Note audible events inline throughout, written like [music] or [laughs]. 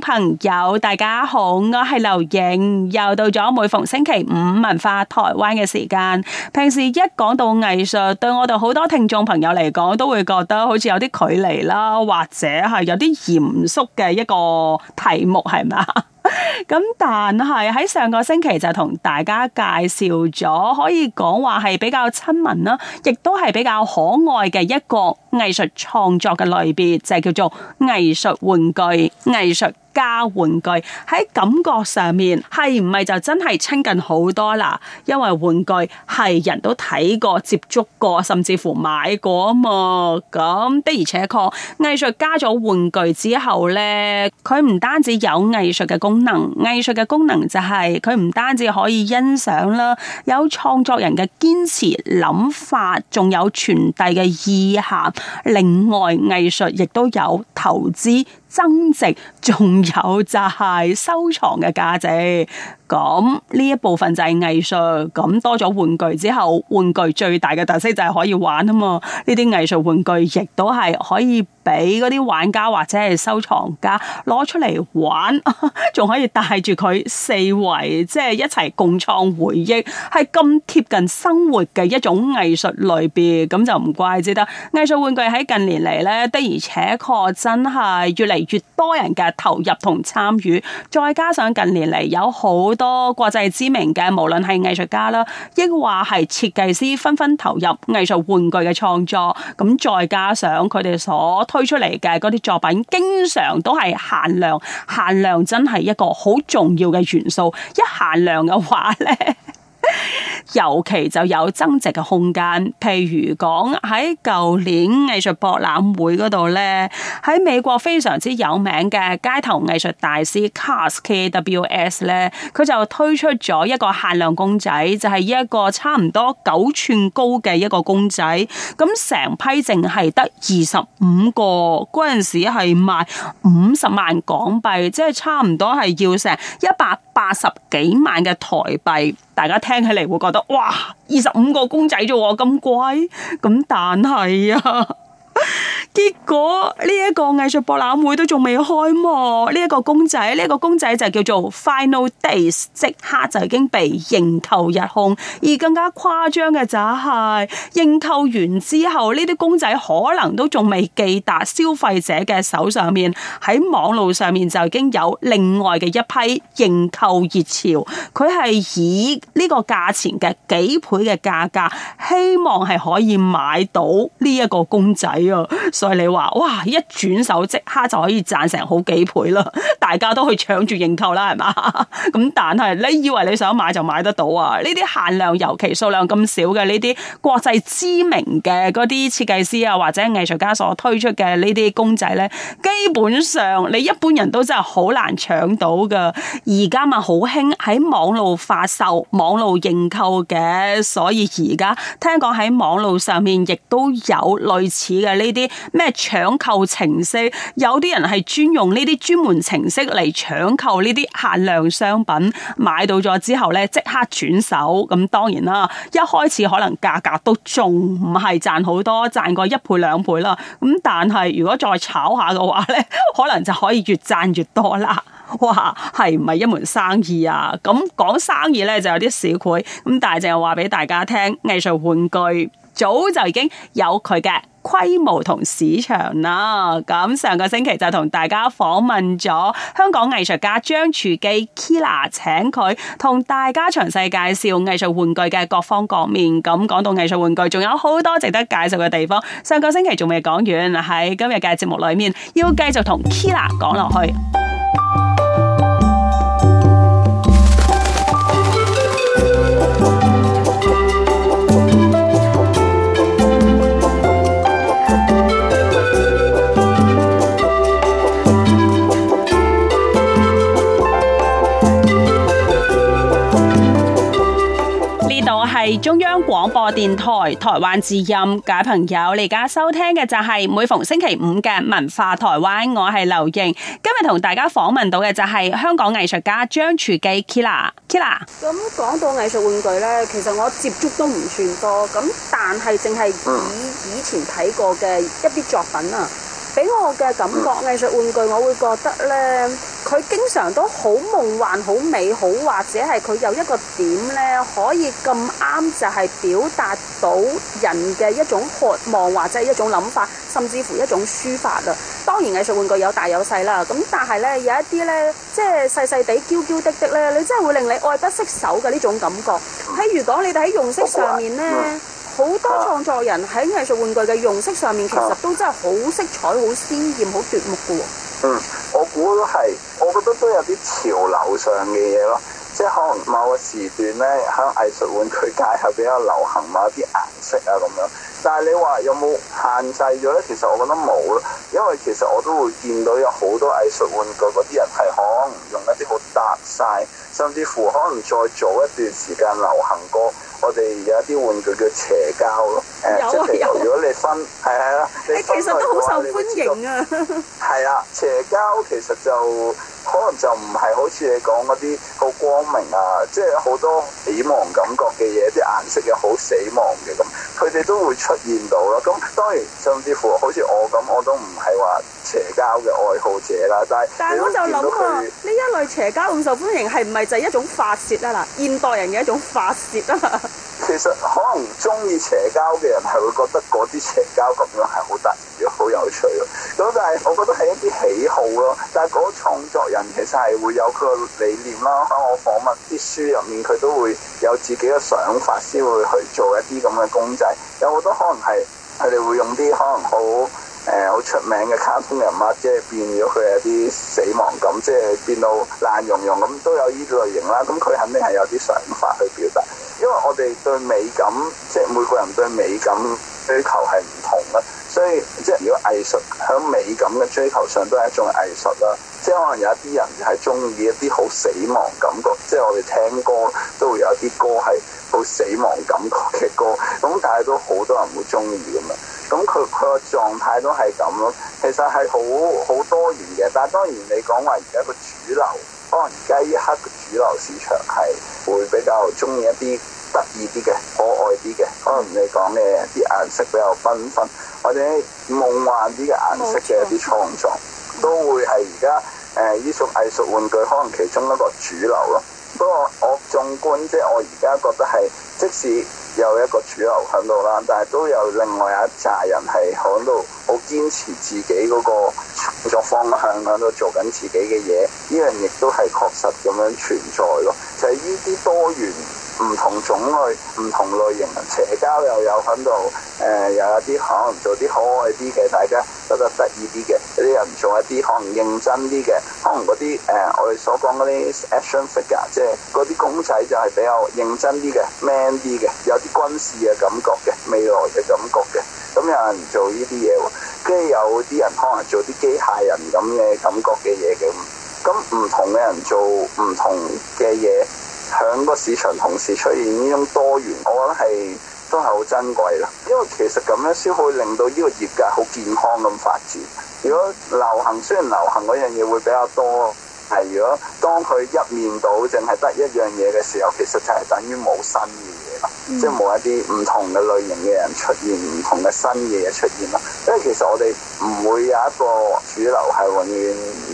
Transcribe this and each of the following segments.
朋友，大家好，我係劉瑩，又到咗每逢星期五文化台灣嘅時間。平時一講到藝術，對我哋好多聽眾朋友嚟講，都會覺得好似有啲距離啦，或者係有啲嚴肅嘅一個題目，係咪？ [laughs] 咁但係喺上個星期就同大家介紹咗，可以講話係比較親民啦，亦都係比較可愛嘅一個藝術創作嘅類別，就係叫做藝術玩具、藝術家玩具。喺感覺上面係唔係就真係親近好多啦？因為玩具係人都睇過接觸過甚至乎買過啊嘛。咁的而且確藝術加咗玩具之後咧，佢唔單止有藝術嘅功能。藝術嘅功能就係佢唔單止可以欣賞啦，有創作人嘅堅持諗法，仲有傳遞嘅意涵。另外，藝術亦都有投資。增值，仲有就係收藏嘅價值。咁呢一部分就係藝術。咁多咗玩具之後，玩具最大嘅特色就係可以玩啊嘛。呢啲藝術玩具亦都係可以俾啲玩家或者係收藏家攞出嚟玩，仲可以帶住佢四圍，即係一齊共創回憶，係咁貼近生活嘅一種藝術類別。咁就唔怪之得，藝術玩具喺近年嚟咧，的而且確真係越嚟越多人嘅投入同參與，再加上近年嚟有好多國際知名嘅，無論係藝術家啦，亦或係設計師，紛紛投入藝術玩具嘅創作。咁再加上佢哋所推出嚟嘅嗰啲作品，經常都係限量，限量真係一個好重要嘅元素。一限量嘅話呢。 [laughs] 尤其就有增值嘅空間，譬如講喺舊年藝術博覽會嗰度呢，喺美國非常之有名嘅街頭藝術大師 Kaws KWS 呢，佢就推出咗一個限量公仔，就係依一個差唔多九寸高嘅一個公仔，咁成批淨係得二十五個，嗰陣時係賣五十萬港幣，即係差唔多係要成一百八十幾萬嘅台幣。大家聽起嚟會覺得，哇！二十五個公仔咋喎，咁貴，咁但係啊～結果呢一、這個藝術博覽會都仲未開幕，呢、這、一個公仔，呢、這、一個公仔就叫做 Final Days，即刻就已經被認購一空，而更加誇張嘅就係、是，認購完之後，呢啲公仔可能都仲未寄達消費者嘅手上面，喺網路上面就已經有另外嘅一批認購熱潮。佢係以呢個價錢嘅幾倍嘅價格，希望係可以買到呢一個公仔。所以你話哇，一轉手即刻就可以賺成好幾倍啦，大家都去搶住認購啦，係嘛？咁 [laughs] 但係你以為你想買就買得到啊？呢啲限量，尤其數量咁少嘅呢啲國際知名嘅嗰啲設計師啊或者藝術家所推出嘅呢啲公仔呢，基本上你一般人都真係好難搶到㗎。而家嘛好興喺網路發售、網路認購嘅，所以而家聽講喺網路上面亦都有類似嘅。呢啲咩搶購程式，有啲人係專用呢啲專門程式嚟搶購呢啲限量商品，買到咗之後呢即刻轉手，咁當然啦，一開始可能價格都仲唔係賺好多，賺個一倍兩倍啦。咁但係如果再炒下嘅話呢，可能就可以越賺越多啦。哇，係唔係一門生意啊？咁講生意呢就有啲市儈，咁但係淨係話俾大家聽，藝術玩具。早就已經有佢嘅規模同市場啦。咁上個星期就同大家訪問咗香港藝術家張廚記 Kila，請佢同大家詳細介紹藝術玩具嘅各方各面。咁講到藝術玩具，仲有好多值得介紹嘅地方。上個星期仲未講完，喺今日嘅節目裏面要繼續同 Kila 講落去。中央廣播電台台灣之音嘅朋友，你而家收聽嘅就係每逢星期五嘅文化台灣，我係劉盈，今日同大家訪問到嘅就係香港藝術家張廚記 Kila Kila。咁講到藝術玩具呢，其實我接觸都唔算多，咁但係淨係以以前睇過嘅一啲作品啊。俾我嘅感覺，藝術玩具我會覺得呢，佢經常都好夢幻、好美好，或者係佢有一個點呢，可以咁啱就係表達到人嘅一種渴望，或者係一種諗法，甚至乎一種抒發啊。當然藝術玩具有大有細啦，咁但係呢，有一啲呢，即係細細地、嬌嬌滴滴呢，你真係會令你愛不釋手嘅呢種感覺。喺如果你哋喺用色上面呢。好多創作人喺藝術玩具嘅用色上面，其實都真係好色彩、好鮮豔、好奪目㗎喎。嗯，我估都係，我覺得都有啲潮流上嘅嘢咯。即係可能某個時段咧，喺藝術玩具界係比較流行某一啲顏色啊咁樣。但係你話有冇限制咗咧？其實我覺得冇咯，因為其實我都會見到有好多藝術玩具嗰啲人係可能用一啲好搭晒，甚至乎可能再早一段時間流行過。我哋有一啲玩具叫邪膠咯，誒即係譬如如果你分，係係啦，你分其實都好受歡迎啊。你會知道。係啊，邪膠其實就可能就唔係好似你講嗰啲好光明啊，即係好多死亡感覺嘅嘢，啲顏色又好死亡嘅咁，佢哋都會出現到咯。咁當然甚至乎好似我咁，我都唔係話。邪教嘅愛好者啦，但係，但係我就諗啊，呢他一類邪教咁受歡迎，係唔係就係一種發泄啊？嗱，現代人嘅一種發泄啊嘛。 [laughs] 其實可能中意邪教嘅人係會覺得嗰啲邪教咁樣係好得意咯，好有趣咯。咁但係我覺得係一啲喜好咯。但係嗰創作人其實係會有佢嘅理念啦。喺我訪問啲書入面，佢都會有自己嘅想法，先會去做一啲咁嘅公仔。有好多可能係佢哋會用啲可能好。誒好、呃、出名嘅卡通人物，即係變咗佢有啲死亡感，即係變到爛融融咁，都有依類型啦。咁佢肯定係有啲想法去表達，因為我哋對美感，即係每個人對美感。追求係唔同啦，所以即係如果藝術響美感嘅追求上都係一種藝術啦。即係可能有一啲人係中意一啲好死亡感覺，即係我哋聽歌都會有一啲歌係好死亡感覺嘅歌。咁但係都好多人會中意咁樣。咁佢佢個狀態都係咁咯。其實係好好多元嘅。但係當然你講話而家個主流，可能而家呢刻主流市場係會比較中意一啲。得意啲嘅，可愛啲嘅，可能你講嘅啲顏色比較繽紛，紛，或者夢幻啲嘅顏色嘅一啲創作，嗯、都會係而家誒，呢種藝術玩具可能其中一個主流咯。不過我縱觀即係、就是、我而家覺得係，即使有一個主流響度啦，但係都有另外一紮人係響度好堅持自己嗰個創作方向響度做緊自己嘅嘢，呢樣亦都係確實咁樣存在咯。就係呢啲多元。唔同種類、唔同類型嘅社交又有喺度，誒、呃、又有啲可能做啲可愛啲嘅，大家覺得得意啲嘅；有啲人做一啲可能認真啲嘅，可能嗰啲誒我哋所講嗰啲 action figure，即係嗰啲公仔就係比較認真啲嘅、man 啲嘅，有啲軍事嘅感覺嘅、未來嘅感覺嘅，咁有人做呢啲嘢喎，跟住有啲人可能做啲機械人咁嘅感覺嘅嘢嘅，咁唔同嘅人做唔同嘅嘢。響個市場同時出現呢種多元，我覺得係都係好珍貴咯。因為其實咁樣先可以令到呢個業界好健康咁發展。如果流行雖然流行嗰樣嘢會比較多。係如果當佢一面倒淨係得一樣嘢嘅時候，其實就係等於冇新嘅嘢咯，嗯、即係冇一啲唔同嘅類型嘅人出現，唔同嘅新嘢出現咯。因為其實我哋唔會有一個主流係永遠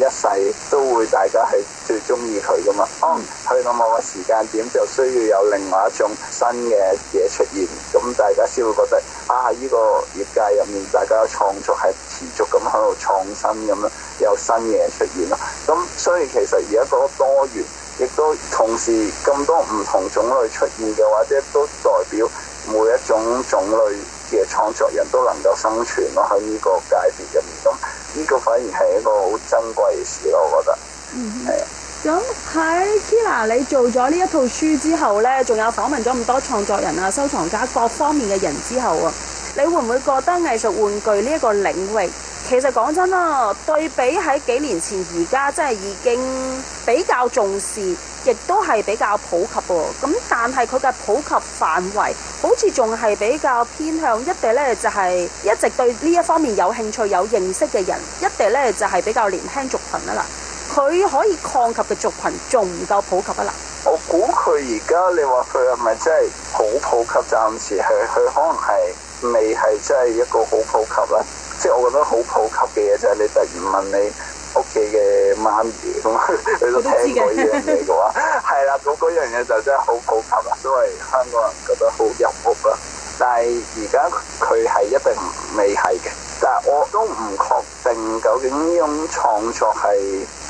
一世都會大家係最中意佢噶嘛。嗯。哦、去到某個時間點，就需要有另外一種新嘅嘢出現，咁、嗯、大家先會覺得啊，呢個業界入面大家嘅創作係持續咁喺度創新咁樣，有新嘢出現咯。咁、嗯、所以。其實而家個多元，亦都同時咁多唔同種類出現嘅，或者都代表每一種種類嘅創作人都能夠生存咯喺呢個界別入面。咁呢，這個反而係一個好珍貴嘅事咯，我覺得。嗯。哼是嗯。係。咁喺 Kira 你做咗呢一套書之後咧，仲有訪問咗咁多創作人啊、收藏家各方面嘅人之後啊，你會唔會覺得藝術玩具呢一個領域？其實講真啦，對比喺幾年前，而家真係已經比較重視，亦都係比較普及喎。咁但係佢嘅普及範圍，好似仲係比較偏向一啲，呢就係一直對呢一方面有興趣、有認識嘅人，一啲呢就係比較年輕族群啊啦。佢可以擴及嘅族群仲唔夠普及啊啦？我估佢而家，你話佢係咪真係好普，普及？暫時係，佢可能係未係真係一個好普及啦。即係我覺得好普及嘅嘢就係、係、你突然問你屋企嘅媽咪咁， [laughs] 你都聽過呢樣嘢嘅話，係啦， [laughs] 嗰、嗰個、樣嘢就真係好普及啦，都係香港人覺得好入屋啦。但係而家佢係一定未係嘅，但係我都唔確定究竟呢種創作係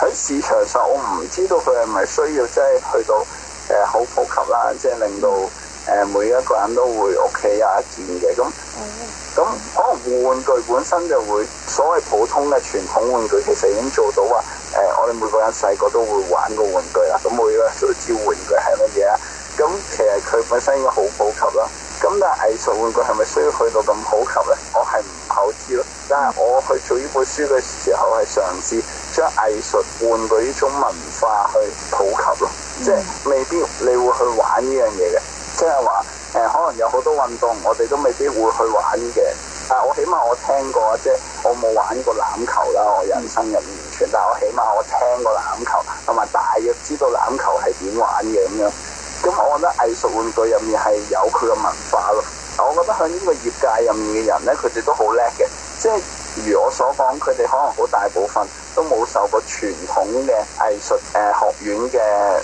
喺市場上，我唔知道佢係咪需要即係去到誒好、呃、普及啦，即係令到。誒每一個人都會屋企有一件嘅咁，咁可能玩具本身就會所謂普通嘅傳統玩具，其實已經做到啊！誒、呃，我哋每個人細個都會玩個玩具啊，咁每個人都知玩具係乜嘢啊。咁其實佢本身已經好普及啦。咁但係藝術玩具係咪需要去到咁普及咧？我係唔好知咯。但係我去做呢本書嘅時候係嘗試將藝術玩具呢種文化去普及咯，嗯、即係未必你會去玩呢樣嘢嘅。即係話，誒，可能有好多運動，我哋都未必會去玩嘅。但係我起碼我聽過，即係我冇玩過欖球啦，我人生入面完全，但係我起碼我聽過欖球，同埋大約知道欖球係點玩嘅咁樣。咁我覺得藝術玩具入面係有佢嘅文化咯。我覺得喺呢個業界入面嘅人咧，佢哋都好叻嘅。即係如我所講，佢哋可能好大部分都冇受過傳統嘅藝術誒學院嘅。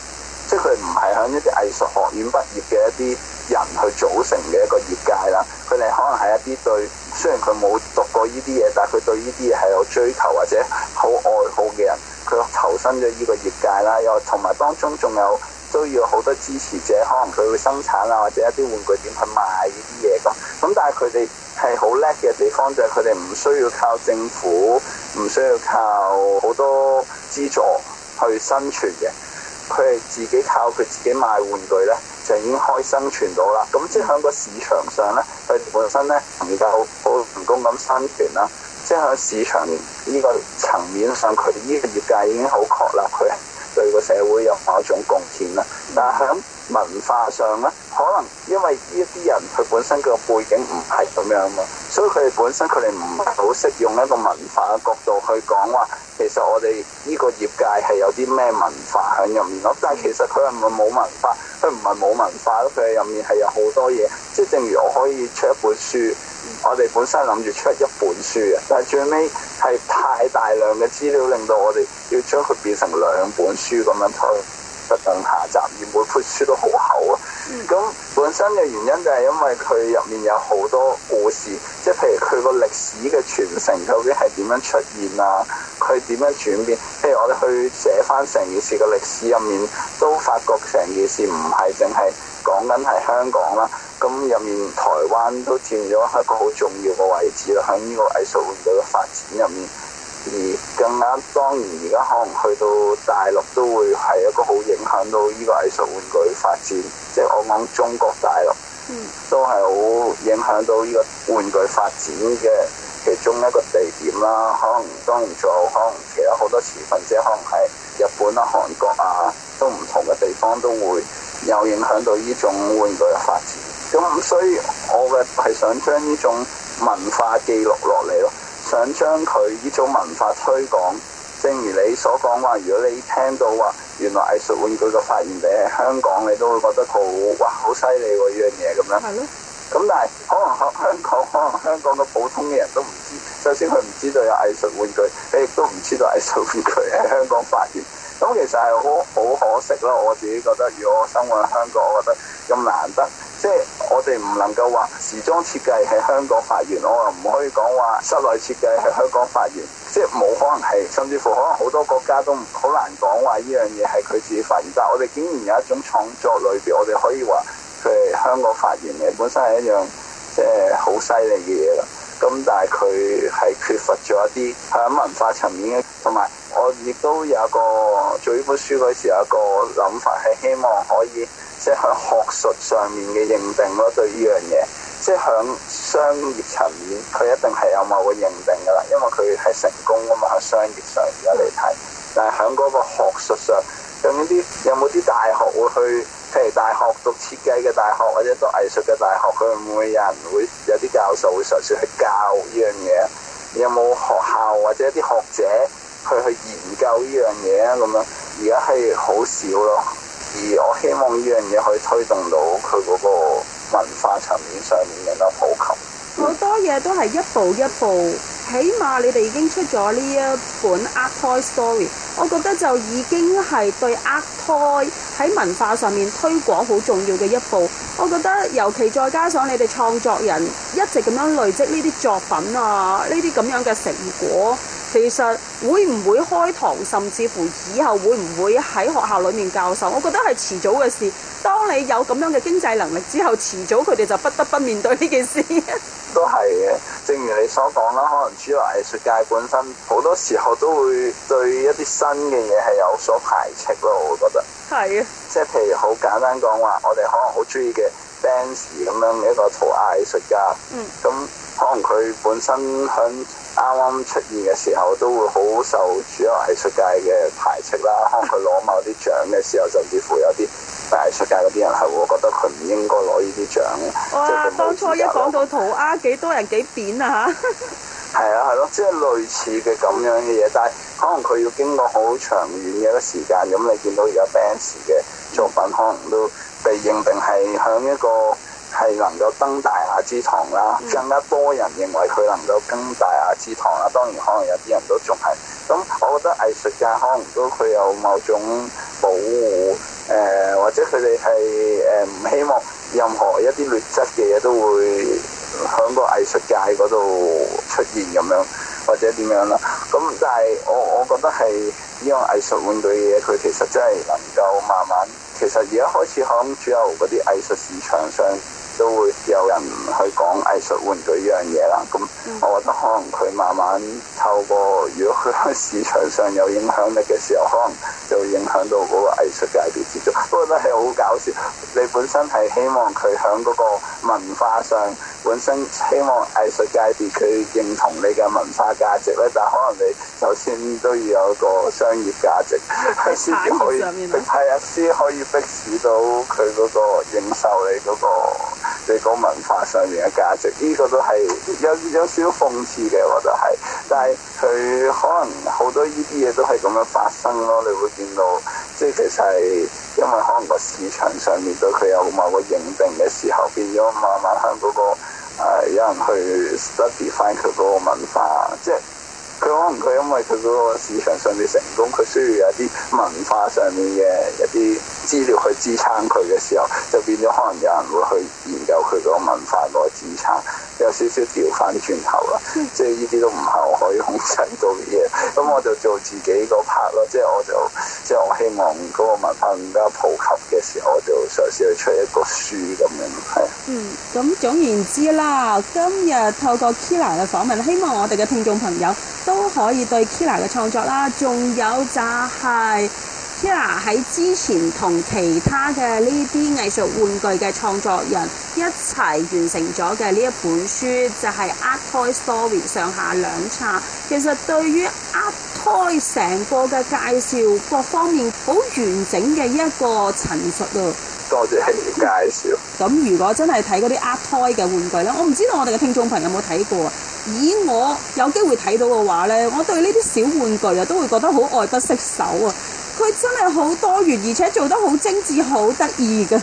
即係佢唔係響一啲藝術學院畢業嘅一啲人去組成嘅一個業界啦，佢哋可能係一啲對，雖然佢冇讀過呢啲嘢，但係佢對呢啲嘢係有追求或者好愛好嘅人，佢投身咗呢個業界啦。又同埋當中仲有都要好多支持者，可能佢會生產啊，或者一啲玩具店去賣呢啲嘢咁。咁但係佢哋係好叻嘅地方就係佢哋唔需要靠政府，唔需要靠好多資助去生存嘅。佢係自己靠佢自己賣玩具咧，就已經開生存到啦。咁即係喺個市場上咧，佢本身咧能夠好成功咁生存啦。即係喺市場呢個層面上，佢呢個業界已經好確立啦。佢對個社會有某一種貢獻啦。但係，文化上咧，可能因為呢一啲人佢本身個背景唔係咁樣啊，所以佢哋本身佢哋唔係好識用一個文化嘅角度去講話，其實我哋呢個業界係有啲咩文化喺入面咯。但係其實佢唔係冇文化，佢唔係冇文化咯。佢入面係有好多嘢，即係正如我可以出一本書，我哋本身諗住出一本書嘅，但係最尾係太大量嘅資料，令到我哋要將佢變成兩本書咁樣推。不斷下集，而每篇書都好厚啊。咁、嗯、本身嘅原因就係因為佢入面有好多故事，即係譬如佢個歷史嘅傳承究竟係點樣出現啊？佢點樣轉變？譬如我哋去寫翻成件事嘅歷史入面，都發覺成件事唔係淨係講緊係香港啦，咁入面台灣都佔咗一個好重要嘅位置啦，喺呢個藝術嘅發展入面。而更加當然，而家可能去到大陸都會係一個好影響到呢個藝術玩具發展。即係我講中國大陸，都係好影響到呢個玩具發展嘅其中一個地點啦。可能當然仲有可能其他好多時份，即係可能喺日本啊、韓國啊，都唔同嘅地方都會有影響到呢種玩具嘅發展。咁所以我嘅係想將呢種文化記錄落嚟咯。想將佢呢種文化推廣，正如你所講話，如果你聽到話，原來藝術玩具嘅發源地喺香港，你都會覺得好哇，好犀利喎！呢樣嘢咁樣。係咯嗎。咁但係可能香香港，可能香港嘅普通嘅人都唔知，首先佢唔知道有藝術玩具，你亦都唔知道藝術玩具喺香港發現。咁其實係好好可惜咯，我自己覺得，如果我生活喺香港，我覺得咁難得。即係我哋唔能夠話時裝設計係香港發源，我唔可以講話室內設計係香港發源，即係冇可能係，甚至乎可能好多國家都好難講話呢樣嘢係佢自己發源。但係我哋竟然有一種創作裏邊，我哋可以話佢係香港發源嘅，本身係一樣即係好犀利嘅嘢啦。咁但係佢係缺乏咗一啲喺文化層面嘅，同埋我亦都有一個做呢本書嗰時有一個諗法，係希望可以。即係喺學術上面嘅認定咯，對呢樣嘢。即係喺商業層面，佢一定係有某個認定噶啦，因為佢係成功啊嘛，喺商業上而家嚟睇。但係喺嗰個學術上，究竟有冇啲有冇啲大學會去，譬如大學讀設計嘅大學或者讀藝術嘅大學，佢會唔會有人會有啲教授會嘗試去教呢樣嘢？有冇學校或者啲學者去去研究呢樣嘢咁樣？而家係好少咯。而我希望呢樣嘢可以推動到佢嗰個文化層面上面變得普及。好多嘢都係一步一步，起碼你哋已經出咗呢一本《Art Toy Story》，我覺得就已經係對 Art Toy 喺文化上面推廣好重要嘅一步。我覺得尤其再加上你哋創作人一直咁樣累積呢啲作品啊，呢啲咁樣嘅成果。其實會唔會開堂，甚至乎以後會唔會喺學校裏面教授？我覺得係遲早嘅事。當你有咁樣嘅經濟能力之後，遲早佢哋就不得不面對呢件事。都係嘅，正如你所講啦，可能主流藝術界本身好多時候都會對一啲新嘅嘢係有所排斥咯，我覺得。係啊的。即係譬如好簡單講話，我哋可能好中意嘅 dance 咁樣嘅一個塗鴉藝術家，咁、嗯、可能佢本身響。啱啱出現嘅時候都會好受主流藝術界嘅排斥啦。當佢攞某啲獎嘅時候，甚至乎有啲大藝術界嗰啲人，係會覺得佢唔應該攞呢啲獎嘅。哇！即當初一講到塗鴉，幾多，多人幾扁啊吓？係 [laughs] 啊係咯，即係、啊就是、類似嘅咁樣嘅嘢，但係可能佢要經過好長遠嘅一時間。咁你見到而家 Banks 嘅作品，可能都被認定係向一個。係能夠登大雅之堂啦，更加多人認為佢能夠登大雅之堂啦。當然可能有啲人都仲係咁，我覺得藝術界可能都佢有某種保護，誒、呃、或者佢哋係誒唔希望任何一啲劣質嘅嘢都會響個藝術界嗰度出現咁樣，或者點樣啦。咁但係我我覺得係呢種藝術玩具嘅嘢，佢其實真係能夠慢慢，其實而家開始響主要嗰啲藝術市場上，都會有人去講藝術玩具呢樣嘢啦，咁我覺得可能佢慢慢透過，如果佢喺市場上有影響力嘅時候，可能就會影響到嗰個藝術界別之中。我覺得係好搞笑，你本身係希望佢響嗰個文化上，本身希望藝術界別佢認同你嘅文化價值咧，但可能你首先都要有個商業價值，係先至可以係先至可以逼使到佢嗰個認受你嗰個。對個文化上面嘅價值，呢、這個都係有有少少諷刺嘅，我都、就、係、是，但係佢可能好多呢啲嘢都係咁樣發生咯，你會見到，即係其實係，因為可能個市場上面對佢有某個認定嘅時候，變咗慢慢嗰、那個誒、呃、有人去 study 翻佢嗰個文化，即係。可能佢因為佢嗰個市場上面成功，佢需要有啲文化上面嘅一啲資料去支撐佢嘅時候，就變咗可能有人會去研究佢個文化嗰個支撐，有少少調翻轉頭啦。即係呢啲都唔係我可以控制到嘅嘢。咁我就做自己嗰 part 咯。即係我就即係我希望嗰個文化更加普及嘅時候，我就嘗試去出一個書咁樣。係。嗯，咁總言之啦，今日透過 Kira 嘅訪問，希望我哋嘅聽眾朋友，都可以對 Kira 嘅創作啦，仲有就係 Kira 喺之前同其他嘅呢啲藝術玩具嘅創作人一齊完成咗嘅呢一本書，就係、是、Art Toy Story 上下兩冊。其實對於 Art Toy 成個嘅介紹，各方面好完整嘅一個陳述啊！多謝係你介紹。咁如果真係睇嗰啲 Art Toy 嘅玩具咧，我唔知道我哋嘅聽眾朋友有冇睇過以我有機會睇到嘅話咧，我對呢啲小玩具啊都會覺得好愛不釋手啊！佢真係好多元，而且做得好精緻、好得意嘅。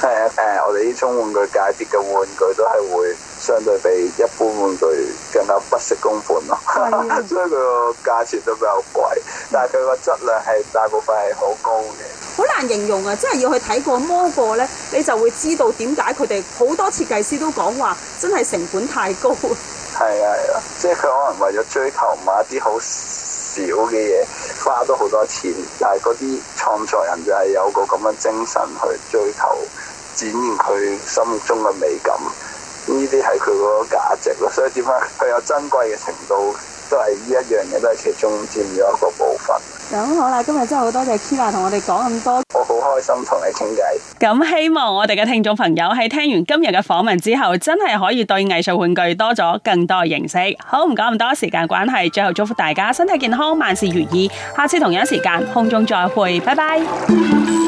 係啊，誒、呃，我哋呢種玩具界別嘅玩具都係會相對比一般玩具更加不惜工本咯，的 [laughs] 所以佢個價錢都比較貴，但係佢個質量係大部分係好高嘅。好難形容啊！真係要去睇過摸過咧，你就會知道點解佢哋好多設計師都講話，真係成本太高。係啊，係啊，即係佢可能為咗追求買一啲好少嘅嘢，花咗好多錢，但係嗰啲創作人就係有個咁嘅精神去追求，展現佢心目中嘅美感，呢啲係佢嗰個價值咯。所以點解佢有珍貴嘅程度？都係呢一樣嘢，都係其中佔咗一個部分。咁好啦，今日真係好多謝 Kira 同我哋講咁多，我好開心同你傾偈。咁希望我哋嘅聽眾朋友喺聽完今日嘅訪問之後，真係可以對藝術玩具多咗更多認識。好，唔講咁多，時間關係，最後祝福大家身體健康，萬事如意。下次同樣時間，空中再會，拜拜。